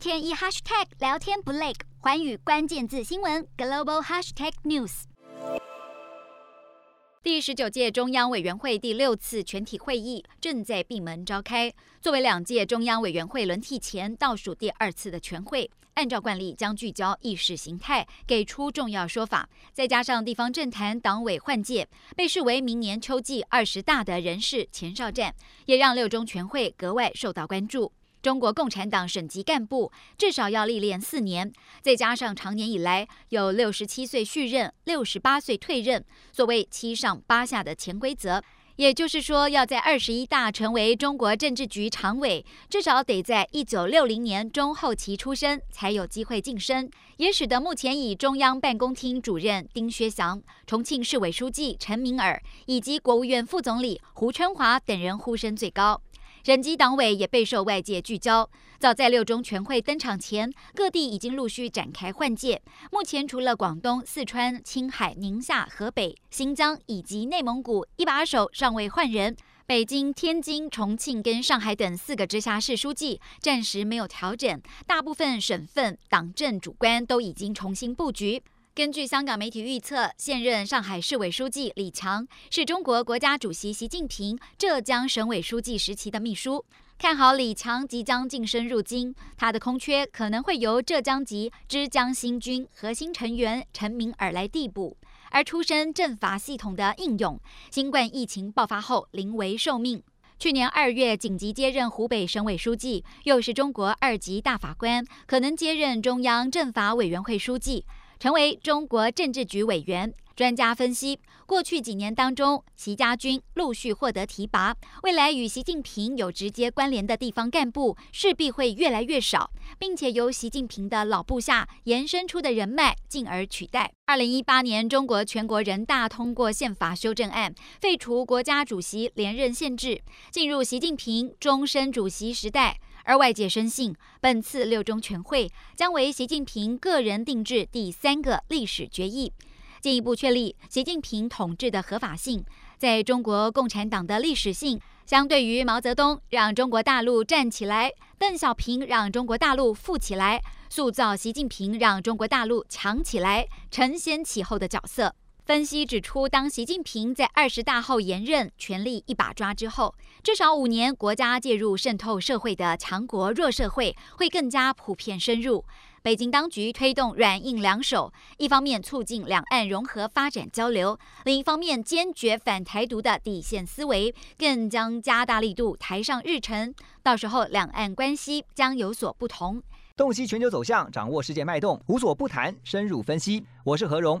天一 hashtag 聊天不累，寰宇關鍵字新聞 global hashtag news。第十九屆中央委員會第六次全體會議正在閉門召開，作為兩屆中央委員會輪替前倒數第二次的全會，按照慣例將聚焦意識形態，給出重要說法。再加上地方政壇黨委換屆，被視為明年秋季二十大的人事前哨戰，也讓六中全會格外受到關注。中國共產黨省級幹部至少要歷練四年，再加上長年以來有六十七歲續任、六十八歲退任，所謂“七上八下”的潛規則。也就是說，要在二十一大成為中國政治局常委，至少得在一九六零年中後期出生才有機會晉升，也使得目前以中央辦公廳主任丁薛祥、重慶市委書記陳敏爾以及國務院副總理胡春華等人呼聲最高。省級黨委也備受外界聚焦。早在六中全會登場前，各地已經陸續展開換屆。目前，除了廣東、四川、青海、寧夏、河北、新疆以及內蒙古一把手尚未換人，北京、天津、重慶跟上海等四個直轄市書記暫時沒有調整，大部分省份黨政主官都已經重新布局。根據香港媒體預測，現任上海市委書記李強是中國國家主席習近平浙江省委書記時期的秘書，看好李強即將晉升入京，他的空缺可能會由浙江籍之江新軍核心成員陳敏爾來遞補，而出身政法系統的應勇，新冠疫情爆發後臨危受命，去年二月緊急接任湖北省委書記，又是中國二級大法官，可能接任中央政法委員會書記。成為中國政治局委員。專家分析，過去幾年當中，習家軍陸續獲得提拔，未來與習近平有直接關聯的地方幹部勢必會越來越少，並且由習近平的老部下延伸出的人脈，進而取代。2018年，中國全國人大通過憲法修正案，廢除國家主席連任限制，進入習近平終身主席時代。而外界深信，本次六中全會將為習近平個人定制第三個歷史決議，進一步確立習近平統治的合法性，在中國共產黨的歷史性，相對於毛澤東讓中國大陸站起來，鄧小平讓中國大陸富起來，塑造習近平讓中國大陸強起來，承先啟後的角色。分析指出，當習近平在二十大後延任權力一把抓之後，至少五年，國家介入滲透社會的“強國弱社會”會更加普遍深入。北京當局推動軟硬兩手，一方面促進兩岸融合發展交流，另一方面堅決反台獨的底線思維，更將加大力度抬上日程。到時候，兩岸關係將有所不同。洞悉全球走向，掌握世界脈動，無所不談，深入分析。我是何榮。